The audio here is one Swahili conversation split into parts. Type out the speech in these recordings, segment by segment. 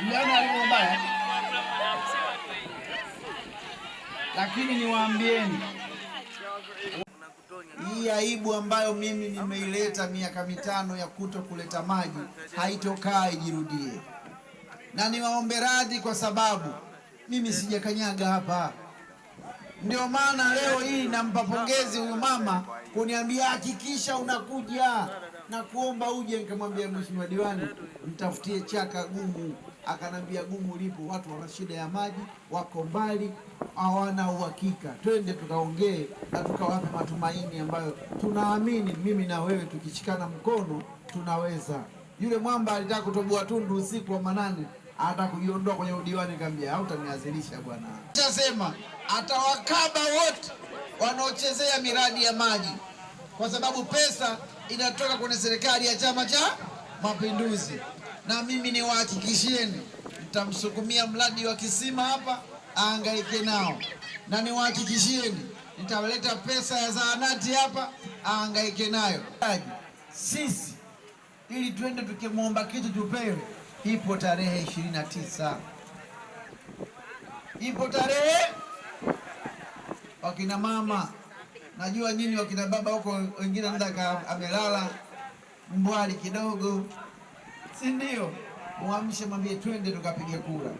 mliona alivyo mbaya, lakini niwaambieni hii aibu ambayo mimi nimeileta miaka mitano ya kuto kuleta maji haitokaa ijirudie, na niwaombe radhi kwa sababu mimi sijakanyaga hapa. Ndio maana leo hii nampa pongezi huyu mama kuniambia hakikisha unakuja na kuomba uje. Nikamwambia mheshimiwa diwani, mtafutie chaka gumu. Akanambia gumu lipo, watu wana shida ya maji, wako mbali, hawana uhakika. Twende tukaongee na tukawape matumaini ambayo tunaamini mimi na wewe tukishikana mkono tunaweza yule mwamba alitaka kutoboa tundu usiku wa manane, hata kujiondoa kwenye udiwani, kaambia hautaniazilisha bwana. Tasema atawakaba wote wanaochezea miradi ya maji, kwa sababu pesa inatoka kwenye serikali ya Chama cha Mapinduzi, na mimi niwahakikishieni nitamsukumia mradi wa kisima hapa aangaike nao, na niwahakikishieni nitaleta pesa ya zahanati hapa aangaike nayo. Sisi ili twende tukimwomba kitu tupewe. Ipo tarehe ishirini na tisa ipo tarehe. Wakina mama, najua nyinyi wakina baba huko wengine anaweza amelala mbwali kidogo, si ndio? Mwamshe, mwambie twende tukapige kura,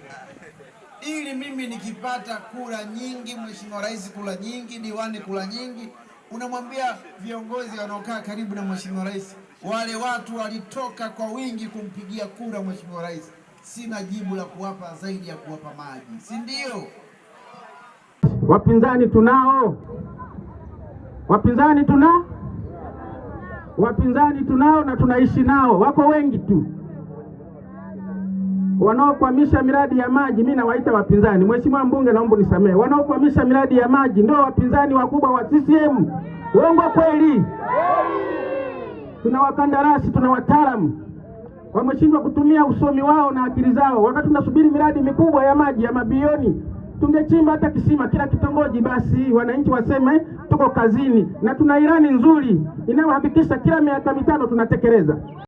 ili mimi nikipata kura nyingi, mheshimiwa rais kura nyingi, diwani kura nyingi, unamwambia viongozi wanaokaa karibu na mheshimiwa rais wale watu walitoka kwa wingi kumpigia kura mheshimiwa rais. Sina jibu la kuwapa zaidi ya kuwapa maji, si ndio? Wapinzani tunao, wapinzani tuna wapinzani tunao na tunaishi nao, wako wengi tu wanaokwamisha miradi ya maji. Mimi nawaita wapinzani, mheshimiwa mbunge, naomba unisamehe. Wanaokwamisha miradi ya maji ndio wapinzani wakubwa wa CCM. Uongo kweli? tuna wakandarasi, tuna wataalamu wameshindwa kutumia usomi wao na akili zao. Wakati tunasubiri miradi mikubwa ya maji ya mabilioni, tungechimba hata kisima kila kitongoji, basi wananchi waseme tuko kazini, na tuna ilani nzuri inayohakikisha kila miaka mitano tunatekeleza.